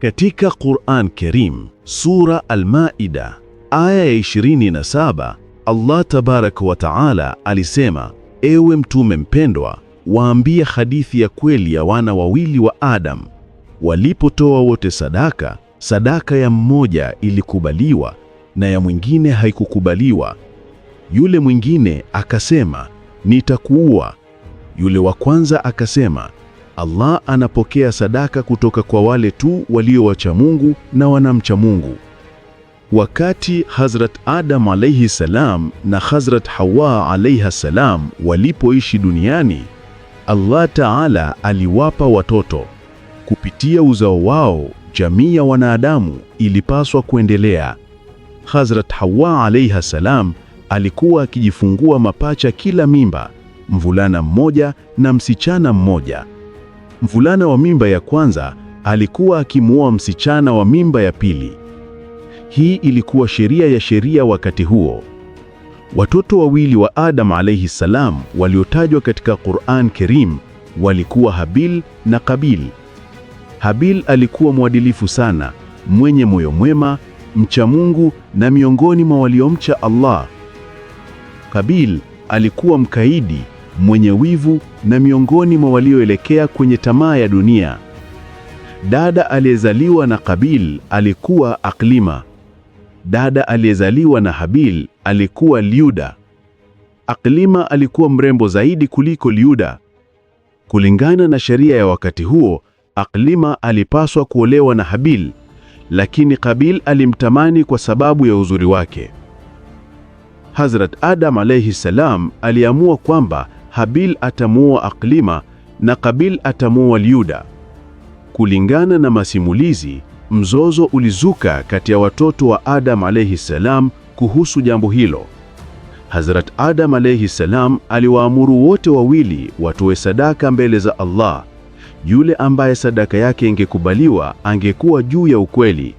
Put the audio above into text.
Katika Qur'an Karim, sura Al-Maida aya ya 27, Allah tabaraka wa taala alisema, ewe mtume mpendwa, waambie hadithi ya kweli ya wana wawili wa Adam walipotoa wote sadaka, sadaka ya mmoja ilikubaliwa na ya mwingine haikukubaliwa. Yule mwingine akasema, nitakuua. Yule wa kwanza akasema Allah anapokea sadaka kutoka kwa wale tu wacha Mungu na wanamcha Mungu. Wakati Hazrat Adam alayhi salam na Hazrat Hawa alayha salam walipoishi duniani, Allah Taala aliwapa watoto. Kupitia uzao wao, jamii ya wanadamu ilipaswa kuendelea. Hazrat Hawa alayha salam alikuwa akijifungua mapacha kila mimba, mvulana mmoja na msichana mmoja. Mvulana wa mimba ya kwanza alikuwa akimuoa msichana wa mimba ya pili. Hii ilikuwa sheria ya sheria wakati huo. Watoto wawili wa Adam alayhi salam waliotajwa katika Qur'an Kerim walikuwa Habil na Kabil. Habil alikuwa mwadilifu sana, mwenye moyo mwema, mcha Mungu na miongoni mwa waliomcha Allah. Kabil alikuwa mkaidi mwenye wivu na miongoni mwa walioelekea kwenye tamaa ya dunia. Dada aliyezaliwa na Kabil alikuwa Aklima. Dada aliyezaliwa na Habil alikuwa Liuda. Aklima alikuwa mrembo zaidi kuliko Liuda. Kulingana na sheria ya wakati huo, Aklima alipaswa kuolewa na Habil, lakini Kabil alimtamani kwa sababu ya uzuri wake. Hazrat Adam alayhi salam aliamua kwamba Habil atamuoa Aklima na Kabil atamuoa Yuda. Kulingana na masimulizi, mzozo ulizuka kati ya watoto wa Adam alayhi salam kuhusu jambo hilo. Hazrat Adam alayhi salam aliwaamuru wote wawili watoe sadaka mbele za Allah. Yule ambaye sadaka yake ingekubaliwa angekuwa juu ya ukweli